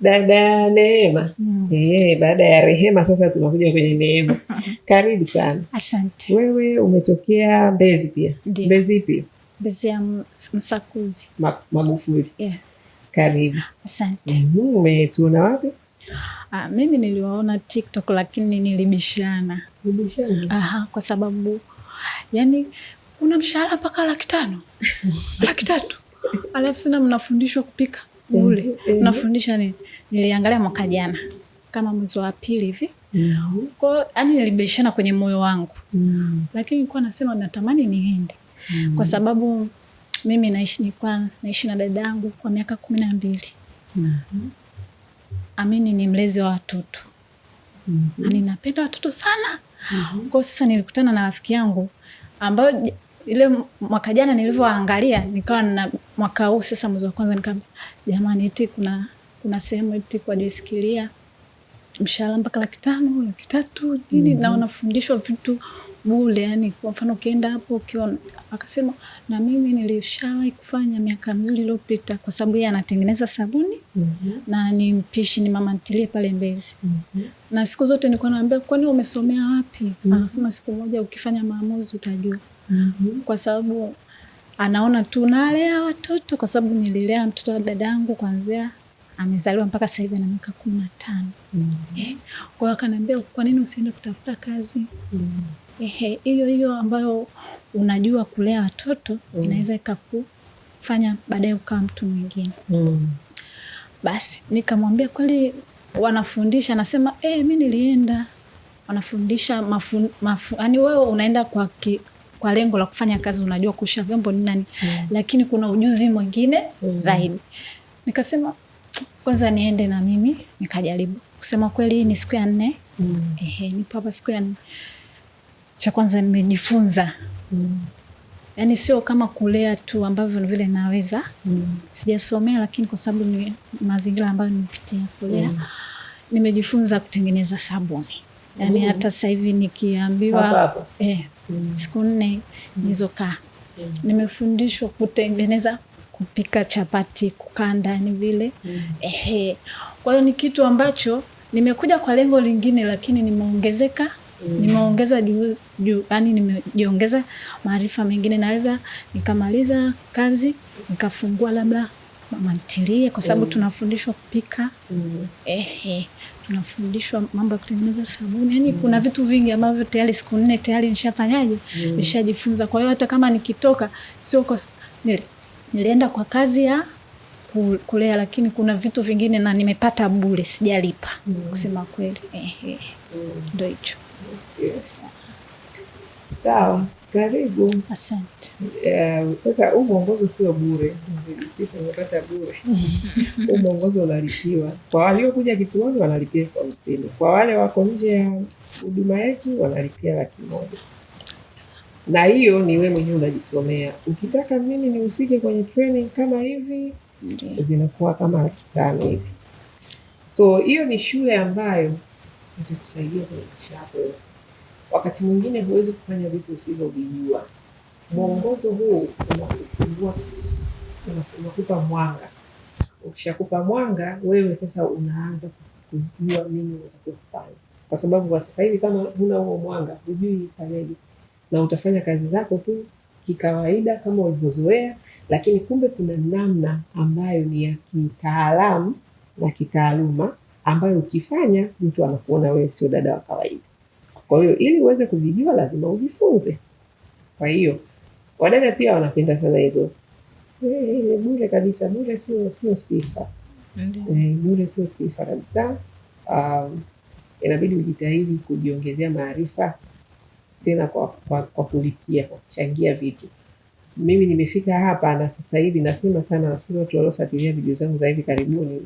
Dada Neema mm. E, baada ya rehema sasa tunakuja kwenye neema. Karibu sana. Asante. Wewe umetokea Mbezi pia? Ndiyo. Mbezi ipi? Mbezi ya Msakuzi. Magufuli. Yeah. Karibu. Asante. Mhm, umetuona wapi? Ah, mimi niliwaona TikTok lakini nilibishana. Nilibishana? Aha, kwa sababu yani kuna mshahara mpaka laki tano laki tatu alafu sina mnafundishwa kupika ule eh, eh. unafundisha nini? Niliangalia mwaka jana kama mwezi wa pili hivi mm. kwao, yani nilibeshana kwenye moyo wangu, mm. lakini nilikuwa nasema natamani niende mm. kwa sababu mimi naishi nilikuwa naishi na dada yangu kwa miaka kumi na mbili. Amini ni mlezi wa watoto mm-hmm. na ninapenda watoto sana. Mm-hmm. Kwa sasa nilikutana na rafiki yangu ambayo ile mwaka jana nilivyoangalia, nikawa na mwaka huu sasa mwezi wa kwanza, nikaambia jamani, eti kuna kuna sehemu eti kwa jisikilia mshahara mpaka laki tano laki tatu nini mm na wanafundishwa vitu bule, yani kwa mfano ukienda hapo ukiwa, akasema na mimi nilishawahi kufanya miaka miwili iliyopita, kwa sababu yeye anatengeneza sabuni mm -hmm. na ni mpishi, ni mama ntilie pale Mbezi mm -hmm. na siku zote nilikuwa naambia, kwani umesomea wapi? mm -hmm. Anasema siku moja ukifanya maamuzi utajua. -hmm. kwa sababu anaona tu nalea watoto, kwa sababu nililea mtoto wa dada yangu kwanzia amezaliwa mpaka sasa hivi ana miaka kumi na tano. mm -hmm. kwa hiyo akaniambia kwa nini usiende kutafuta kazi? mm hiyo hiyo ambayo unajua kulea watoto mm -hmm. inaweza ikakufanya baadaye ukawa mtu mwingine. mm -hmm. Basi nikamwambia kweli wanafundisha, anasema e, eh, mi nilienda wanafundisha mafu, mafu, yani wewe unaenda kwa ki, kwa lengo la kufanya kazi, unajua kuosha vyombo ni nani mm. lakini kuna ujuzi mwingine mm. zaidi. Nikasema kwanza niende na mimi nikajaribu. Kusema kweli, hii ni siku ya nne mm. ehe, nipo hapa siku ya nne. Cha kwanza nimejifunza mm. yani sio kama kulea tu ambavyo vile naweza mm. sijasomea, lakini kwa sababu ni mazingira ambayo nimepitia kulea mm. nimejifunza kutengeneza sabuni yani mm. hata sasa hivi nikiambiwa Eh, mm. siku nne mm. nilizokaa mm. nimefundishwa kutengeneza kupika chapati kukaa ndani vile mm. eh, kwa hiyo ni kitu ambacho nimekuja kwa lengo lingine, lakini nimeongezeka mm. nimeongeza juu juu, yani nimejiongeza maarifa mengine, naweza nikamaliza kazi nikafungua labda mama ntilie, kwa sababu mm. tunafundishwa kupika mm. ehe, tunafundishwa mambo ya kutengeneza sabuni yani mm. kuna vitu vingi ambavyo tayari siku nne tayari nishafanyaje mm. nishajifunza. Kwa hiyo hata kama nikitoka sio kwa nil, nilienda kwa kazi ya kulea, lakini kuna vitu vingine na nimepata bure, sijalipa mm. kusema kweli, ehe, mm. ndio mm. hicho yes. Sawa. Karibu. Asante. Uh, sasa huu mwongozo sio bure, tumepata bure huu mwongozo unalipiwa. Kwa waliokuja kituoni wanalipia elfu hamsini kwa wale wako nje ya huduma yetu wanalipia laki moja na hiyo ni wewe mwenyewe unajisomea. Ukitaka mimi nihusike kwenye training kama hivi okay, zinakuwa kama laki tano hivi. So hiyo ni shule ambayo itakusaidia kwenye maisha yako yote Wakati mwingine huwezi kufanya vitu usivyovijua. Mwongozo huu unakufungua, unakupa mwanga. Ukishakupa mwanga, wewe sasa unaanza kujua nini unatakiwa kufanya, kwa sababu kwa sasa hivi kama huna huo mwanga, hujui fanyaje, na utafanya kazi zako tu kikawaida kama ulivyozoea, lakini kumbe kuna namna ambayo ni ya kitaalamu na kitaaluma ambayo ukifanya mtu anakuona wewe sio dada wa kawaida. Kwa hiyo ili uweze kuvijua lazima ujifunze. Kwa hiyo wadada pia wanapenda sana hizo e, bure kabisa. Bure sio sio sifa e, bure sio sifa kabisa. Um, inabidi ujitahidi kujiongezea maarifa tena kwa, kwa, kwa kulipia kwa kuchangia vitu. Mimi nimefika hapa na sasa hivi nasema sana, nafikiri watu waliofuatilia video zangu za hivi karibuni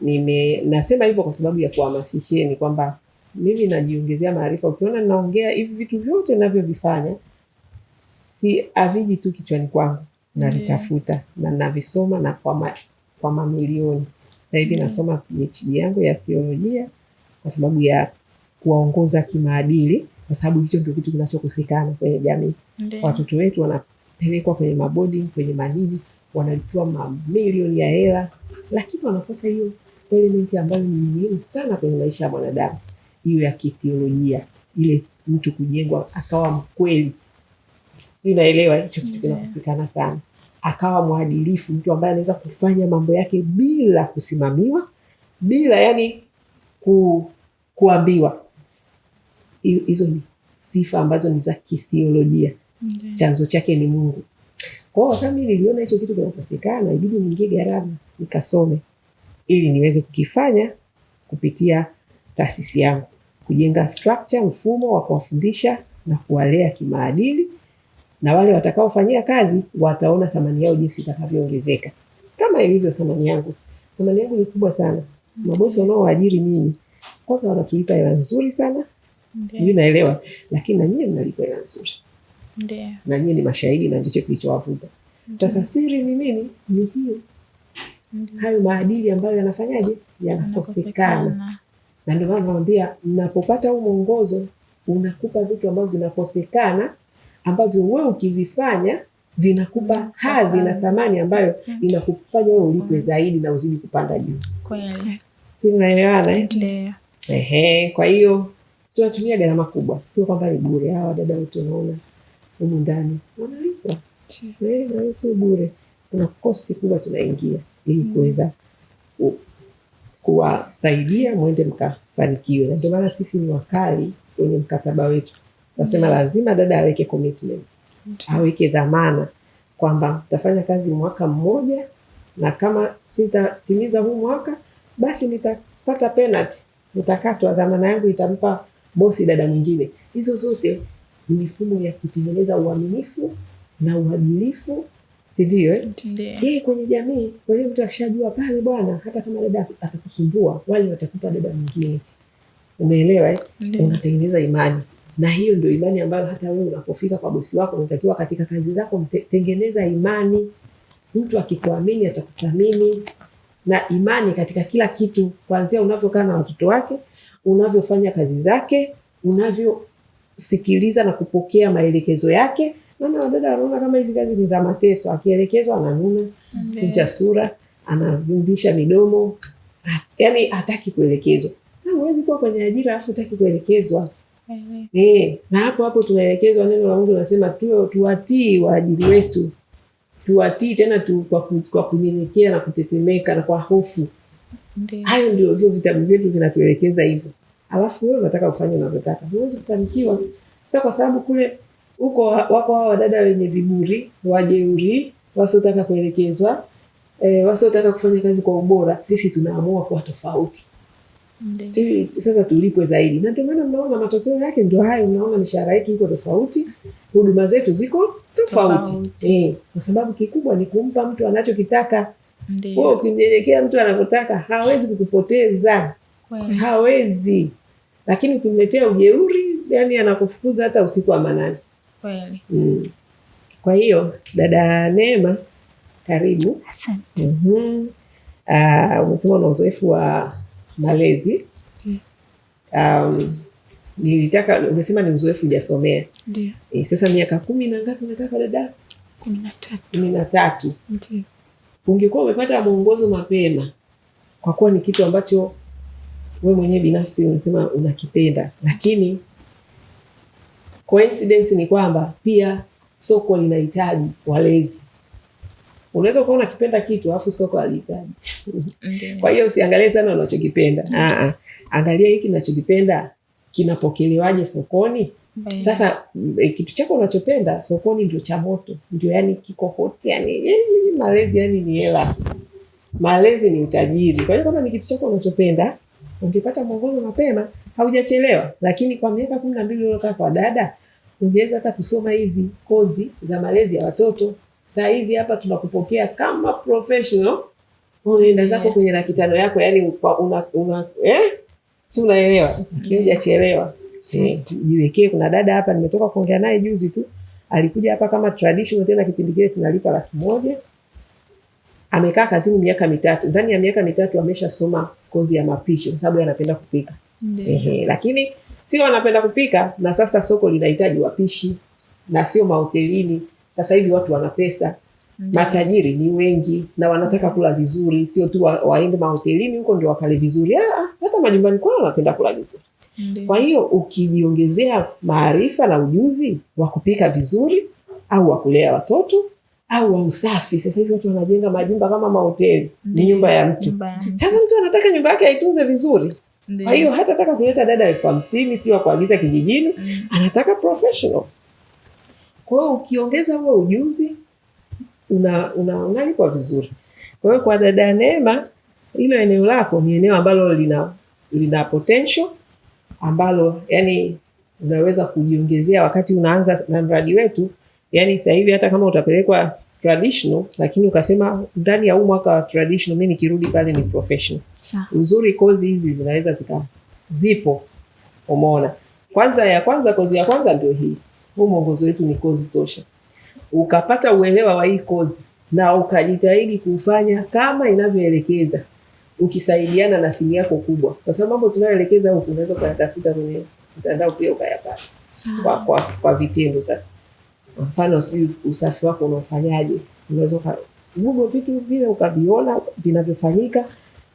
nime nasema hivyo kwa sababu ya kuhamasisheni kwamba mimi najiongezea maarifa. Ukiona naongea hivi, vitu vyote navyovifanya si aviji tu kichwani kwangu, navitafuta na navisoma na kwa, ma, kwa mamilioni. Sasa hivi mm-hmm. nasoma PhD yangu ya theolojia kwa sababu ya kuwaongoza kimaadili, kwa sababu hicho ndio kitu kinachokosekana kwenye jamii. Watoto wetu wanapelekwa kwenye mabodi, kwenye madini, wanalipiwa mamilioni ya hela, lakini wanakosa hiyo elementi ambayo ni muhimu sana kwenye maisha ya mwanadamu hiyo ya kithiolojia, ile mtu kujengwa akawa mkweli, si naelewa Hicho kitu kinakosekana sana, akawa mwadilifu, mtu ambaye anaweza kufanya mambo yake bila kusimamiwa, bila yani ku, kuambiwa. Hizo ni sifa ambazo ni za kithiolojia, chanzo chake ni Mungu. Kwa hiyo sasa mimi niliona hicho kitu kinakosekana, ibidi niingie gharama nikasome ili niweze kukifanya kupitia taasisi yangu kujenga structure, mfumo wa kuwafundisha na kuwalea kimaadili, na wale watakaofanyia kazi wataona thamani yao jinsi itakavyoongezeka, kama ilivyo thamani yangu. Thamani yangu ni kubwa sana. Mabosi wanaowaajiri mimi kwanza wanatulipa hela nzuri sana, sijui naelewa, lakini na nyie mnalipa hela nzuri, na nyie ni mashahidi, na ndicho kilichowavuta. Sasa siri ni nini? Ni hiyo, hayo maadili ambayo yanafanyaje, yanakosekana na ndio maana nawaambia mnapopata huu mwongozo unakupa vitu ambavyo vinakosekana ambavyo wewe ukivifanya vinakupa mm, hadhi na thamani ambayo mm. inakufanya wewe ulipwe mm. zaidi na uzidi kupanda juu. Si unaelewana eh? Ehe, kwa hiyo tunatumia gharama kubwa, sio kwamba ni bure. Hawa dada wote unaona humu ndani wanalipwa, eh, sio bure. Kuna kosti kubwa tunaingia ili kuweza kuwasaidia mwende mkafanikiwe, na ndio maana sisi ni wakali kwenye mkataba wetu, nasema mm -hmm. lazima dada aweke commitment mm -hmm. aweke dhamana kwamba mtafanya kazi mwaka mmoja, na kama sitatimiza huu mwaka basi nitapata penalty, nitakatwa dhamana yangu, itampa bosi dada mwingine. Hizo zote ni mifumo ya kutengeneza uaminifu na uadilifu sindio? Eh, kwenye jamii. Kwa hiyo mtu akishajua pale bwana, hata kama dada atakusumbua, wale watakupa dada mwingine, umeelewa eh? Unatengeneza imani, na hiyo ndio imani ambayo hata wewe unapofika kwa bosi wako, unatakiwa katika kazi zako mtengeneza imani. Mtu akikuamini atakuthamini, na imani katika kila kitu, kuanzia unavyokaa na watoto wake, unavyofanya kazi zake, unavyosikiliza na kupokea maelekezo yake maana wadada wanaona kama hizi kazi ni za mateso, akielekezwa ananuna kucha sura, anavimbisha midomo, yaani hataki kuelekezwa. Sasa huwezi kuwa kwenye ajira afu hutaki kuelekezwa. E, na hapo hapo tunaelekezwa, neno la Mungu linasema tuwe tuwatii waajiri wetu, tuwatii tena tu, kwa, kwa kunyenyekea na kutetemeka na kwa hofu. Hayo ndio hivyo vitabu vyetu vinatuelekeza hivyo, alafu wewe unataka ufanye unavyotaka, huwezi kufanikiwa. Sasa kwa sababu kule huko wako hao wadada wenye viburi, wajeuri, wasiotaka kuelekezwa, e, wasiotaka kufanya kazi kwa ubora. Sisi tunaamua kuwa tofauti Tui, sasa tulipwe zaidi, na ndio maana mnaona matokeo yake ndio hayo. Mnaona mishahara yetu iko tofauti, huduma zetu ziko tofauti eh, kwa sababu kikubwa ni kumpa mtu anachokitaka. Wewe ukimnyenyekea mtu anavyotaka hawezi kukupoteza, hawezi. Lakini ukimletea ujeuri, yani anakufukuza hata usiku wa manane. Kweli. Mm. Kwa hiyo dada Neema, karibu. Asante. mm -hmm. Uh, umesema una uzoefu wa malezi um, nilitaka umesema ni uzoefu ujasomea e, sasa miaka kumi na ngapi umetoka dada? kumi na tatu. kumi na tatu. Ungekuwa umepata mwongozo mapema, kwa kuwa ni kitu ambacho we mwenyewe binafsi unasema unakipenda, lakini Coincidence ni kwamba pia soko linahitaji walezi. Unaweza ukawa kipenda kitu alafu soko alihitaji. Kwa hiyo usiangalie sana unachokipenda. Ah, ah. Angalia hiki ninachokipenda kinapokelewaje sokoni. Baya. Sasa eh, kitu chako unachopenda sokoni ndio cha moto. Ndio yani kiko hoti yani, yani eh, malezi yani ni hela. Malezi ni utajiri. Kwa hiyo kama ni kitu chako unachopenda, ungepata mwongozo mapema haujachelewa. Lakini kwa miaka 12 uliokaa kwa dada ungeweza hata kusoma hizi kozi za malezi ya watoto. Saa hizi hapa tunakupokea kama professional, unaenda zako yeah. kwenye laki tano yako, yani una, una, eh? si unaelewa kiujachelewa eh, jiwekee. Kuna dada hapa nimetoka kuongea naye juzi tu, alikuja hapa kama traditional tena, kipindi kile tunalipa laki moja amekaa kazini miaka mitatu. Ndani ya miaka mitatu ameshasoma kozi ya mapishi, kwa sababu anapenda kupika ehe, lakini sio wanapenda kupika, na sasa soko linahitaji wapishi na sio mahotelini. Sasa hivi watu wana pesa mm. matajiri ni wengi na wanataka kula vizuri, sio tu wa, waende mahotelini huko ndio wakale vizuri. Aa, ah, ah, hata majumbani kwao wanapenda kula vizuri mm. kwa hiyo ukijiongezea maarifa na ujuzi wa kupika vizuri au wa kulea watoto au wa usafi. Sasa hivi watu wanajenga majumba kama mahoteli, ni nyumba ya mtu. Sasa mtu anataka nyumba yake aitunze vizuri. Kwa hiyo hata taka kuleta dada elfu hamsini sio akuagiza kijijini mm. anataka professional. Kwa hiyo ukiongeza huo ujuzi una, una vizuri. Kwa hiyo kwa dada Neema, hilo eneo lako ni eneo ambalo lina lina potential ambalo yani unaweza kujiongezea wakati unaanza na mradi wetu. Yani sasa hivi hata kama utapelekwa traditional, lakini ukasema ndani ya huu mwaka wa traditional mimi nikirudi pale ni professional. Sa. Uzuri kozi hizi zinaweza zika zipo. Umeona? Kwanza ya kwanza kozi ya kwanza ndio hii. Huu mwongozo wetu ni kozi tosha. Ukapata uelewa wa hii kozi na ukajitahidi kufanya kama inavyoelekeza ukisaidiana na simu yako kubwa, kwa sababu mambo tunayoelekeza huku unaweza ukayatafuta kwenye mtandao pia ukayapata kwa, kwa, kwa vitendo sasa mfano sijui usafi wako unaofanyaje, unaweza ugo vitu vile ukaviona vinavyofanyika,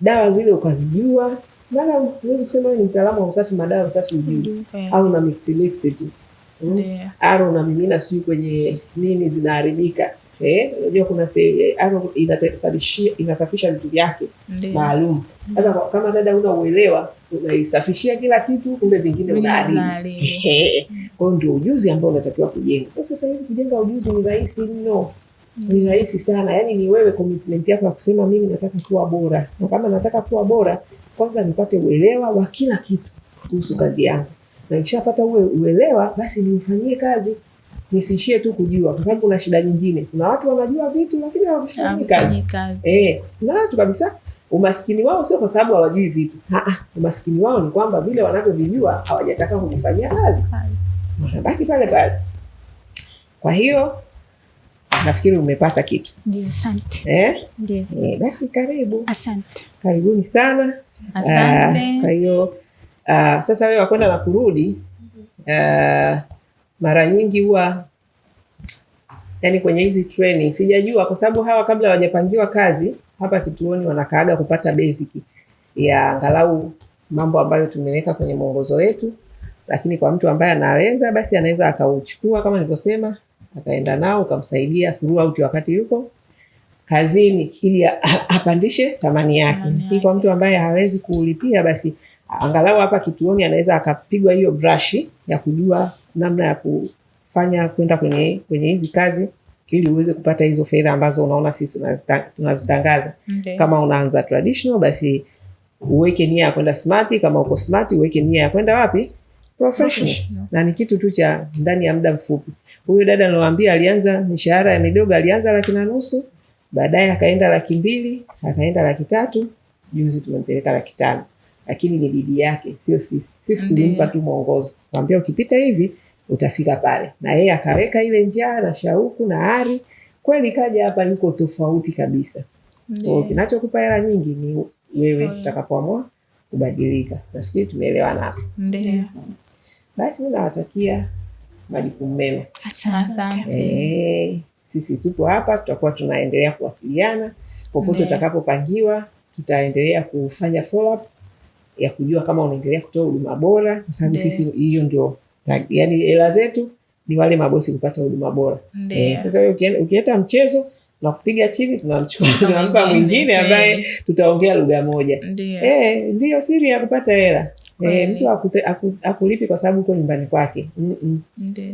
dawa zile ukazijua. Mara huwezi kusema ni mtaalamu wa usafi, madawa ya usafi ujui, au na mix mix tu hmm? aro na mimina sijui kwenye nini zinaharibika. Eh? Unajua kuna aro inasafisha vitu vyake maalum. Sasa kama dada una uelewa, unaisafishia kila kitu, kumbe vingine unaharibu eh. mm kwao ndio ujuzi ambao unatakiwa kujenga. Kwa sasa hivi kujenga ujuzi ni rahisi mno. Ni rahisi sana. Yani ni wewe commitment yako ya kusema mimi nataka kuwa bora. Na kama nataka kuwa bora, kwanza nipate uelewa wa kila kitu kuhusu kazi yangu. Na nikishapata ule uelewa, basi niufanyie kazi. Nisiishie tu kujua kwa sababu kuna shida nyingine. Kuna watu wanajua vitu lakini hawafanyi kazi. kazi. Eh, kuna watu kabisa umaskini wao sio kwa sababu hawajui vitu. Ah, ah umaskini wao ni kwamba vile wanavyovijua hawajataka kuvifanyia kazi unabaki pale pale. Kwa hiyo nafikiri umepata kitu. Ndio, asante. Eh? Ndio. Eh, basi karibu. Asante. Karibuni sana. Asante. Ah, kwa hiyo Uh, sasa wewe wakwenda na kurudi, uh, mara nyingi huwa yani kwenye hizi training sijajua, kwa sababu hawa kabla hawajapangiwa kazi hapa kituoni wanakaaga kupata basic ya angalau mambo ambayo tumeweka kwenye mwongozo wetu lakini kwa mtu ambaye anaweza basi anaweza akauchukua kama nilivyosema, akaenda nao ukamsaidia throughout wakati yuko kazini, ili apandishe thamani yake. Lakini kwa mtu ambaye hawezi kulipia, basi angalau hapa kituoni anaweza akapigwa hiyo brashi ya kujua namna ya kufanya kwenda kwenye kwenye hizi kazi ili uweze kupata hizo fedha ambazo unaona sisi tunazitangaza. Okay. Kama unaanza traditional basi uweke nia ya kwenda smart. Kama uko smart uweke nia ya kwenda wapi na ni kitu tu cha ndani ya muda mfupi. Huyo dada nilowambia alianza mishahara ya midogo, alianza laki na nusu, baadaye akaenda laki mbili, akaenda laki tatu, juzi tumempeleka laki tano. Lakini ni bidii yake, sio sisi. Sisi tulimpa tu mwongozo, kwambia ukipita hivi utafika pale, na yeye akaweka ile njaa na shauku na ari. Kweli kaja hapa yuko tofauti kabisa. Kinachokupa hela nyingi ni wewe utakapoamua kubadilika. Nafikiri tumeelewana hapo. Ndio. Basi mi nawatakia majukumu mema. sisi tupo hapa, tutakuwa tunaendelea kuwasiliana popote utakapopangiwa, tutaendelea kufanya follow up ya kujua kama unaendelea kutoa huduma bora, kwa sababu sisi hiyo ndio yani hela zetu ni wale mabosi kupata huduma bora. E, sasa wewe ukienda mchezo na kupiga chini, tunamchukua tunampa mwingine ambaye tutaongea lugha moja. E, eh, ndiyo siri ya kupata hela. E, mtu akute, aku, akulipi kwa sababu uko nyumbani kwake. Mm -mm.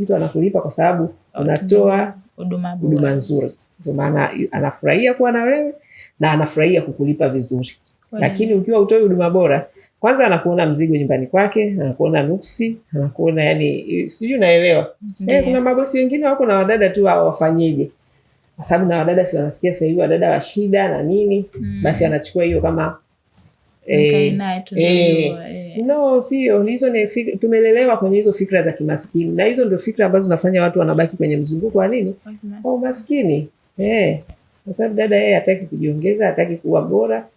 Mtu anakulipa kwa sababu oh, unatoa huduma nzuri, kwa maana anafurahia kuwa na wewe na anafurahia kukulipa vizuri. Lakini ukiwa utoi huduma bora, kwanza anakuona mzigo nyumbani kwake, anakuona nuksi, anakuona yani, sijui unaelewa. Eh, kuna mabosi wengine wako na wadada tu wafanyeje, kwa sababu na wadada si wanasikia sasa hivi wadada wa shida na nini, mm. Basi anachukua hiyo kama Eh, eh. Eh. No, sio hizo, ni tumelelewa kwenye hizo fikra za kimaskini, na hizo ndio fikra ambazo zinafanya watu wanabaki kwenye mzunguko wa nini, wa umaskini eh, kwa sababu dada yeye hataki kujiongeza, hataki kuwa bora,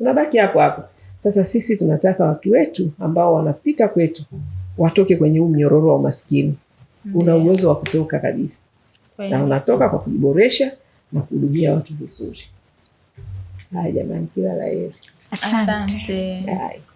unabaki hapo hapo. Sasa sisi tunataka watu wetu ambao wanapita kwetu watoke kwenye huu mnyororo wa umaskini. Una uwezo wa kutoka kabisa, na unatoka kwa kujiboresha na kuhudumia watu vizuri. Haya jamani, kila la heri. Asante. Asante.